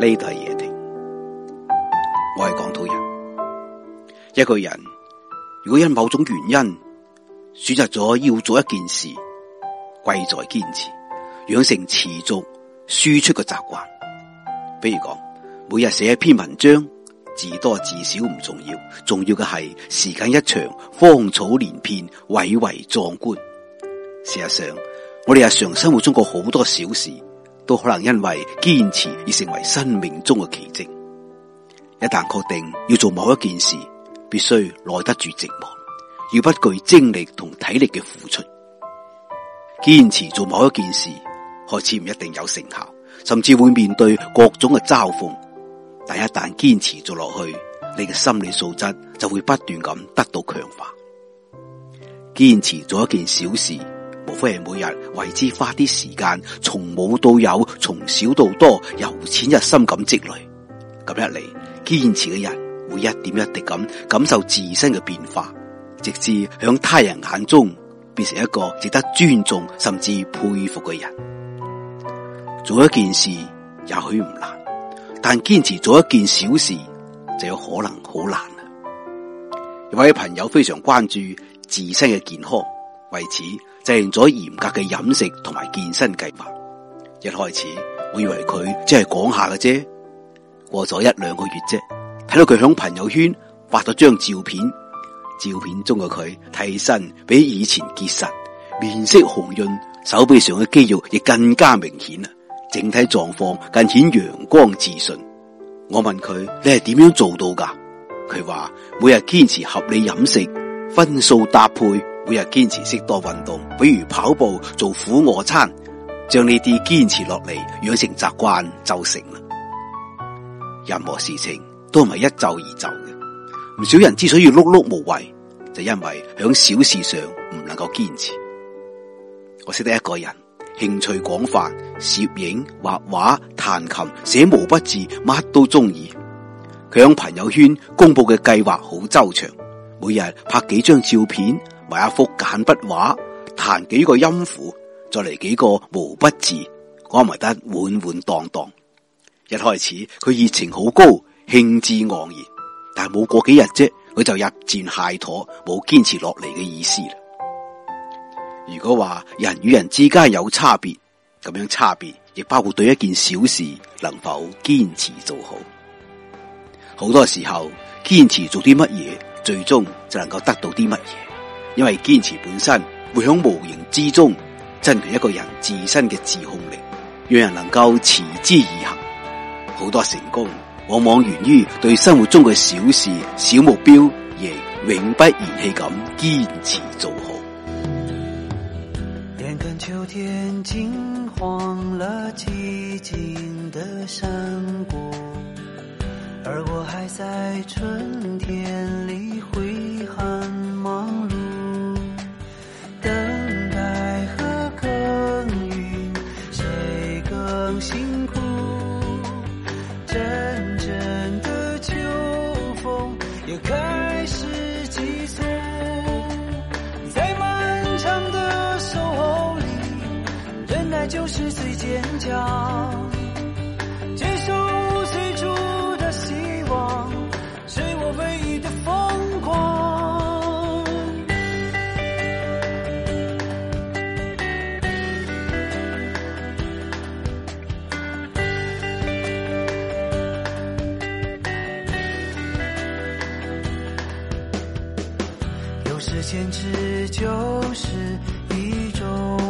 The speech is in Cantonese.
呢度係嘢定，我係廣土人。一個人如果因某種原因選擇咗要做一件事，貴在堅持，養成持續輸出嘅習慣。比如講，每日寫一篇文章，字多字少唔重要，重要嘅係時間一長，芳草連片，蔚為壯觀。事實上，我哋日常生活中過好多小事。都可能因為堅持而成為生命中嘅奇蹟。一旦確定要做某一件事，必須耐得住寂寞，要不懼精力同體力嘅付出。堅持做某一件事，開始唔一定有成效，甚至會面對各種嘅嘲諷。但一旦堅持做落去，你嘅心理素質就會不斷咁得到強化。堅持做一件小事。無非係每日為之花啲時間，從冇到有，從少到多，由淺入深咁積累。咁一嚟，堅持嘅人會一點一滴咁感受自身嘅變化，直至響他人眼中變成一個值得尊重甚至佩服嘅人。做一件事也許唔難，但堅持做一件小事就有可能好難。有位朋友非常關注自身嘅健康，為此，制定咗嚴格嘅飲食同埋健身計劃。一開始我以為佢即係講下嘅啫，過咗一兩個月啫，睇到佢喺朋友圈發咗張照片，照片中嘅佢體身比以前結實，面色紅潤，手臂上嘅肌肉亦更加明顯啦，整體狀況更顯陽光自信。我問佢：你係點樣做到噶？佢話每日堅持合理飲食，分數搭配。每日堅持適量運動，比如跑步、做俯卧撐，將呢啲堅持落嚟，養成習慣就成啦。任何事情都唔係一蹴而就嘅，唔少人之所以碌碌無為，就因為響小事上唔能夠堅持。我識得一個人，興趣廣泛，攝影、畫畫、彈琴、寫毛筆字，乜都中意。佢響朋友圈公布嘅計劃好周詳，每日拍幾張照片，埋一幅簡筆畫，彈幾個音符，再嚟幾個毛筆字，安排得滿滿當當。一開始佢熱情好高，興致盎然，但係冇過幾日啫，佢就日漸懈妥，冇堅持落嚟嘅意思啦。如果話人與人之間有差別，咁樣差別亦包括對一件小事能否堅持做好。好多時候堅持做啲乜嘢，最終就能夠得到啲乜嘢。因為堅持本身會喺無形之中增強一個人自身嘅自控力，讓人能夠持之以恆。好多成功往往源於對生活中嘅小事、小目標亦永不言棄咁堅持做好。眼看秋天金黃了寂靜的山谷，而我還在春天裏。就是最堅強，堅守最初的希望，是我唯一的瘋狂。 有時堅持就是一種。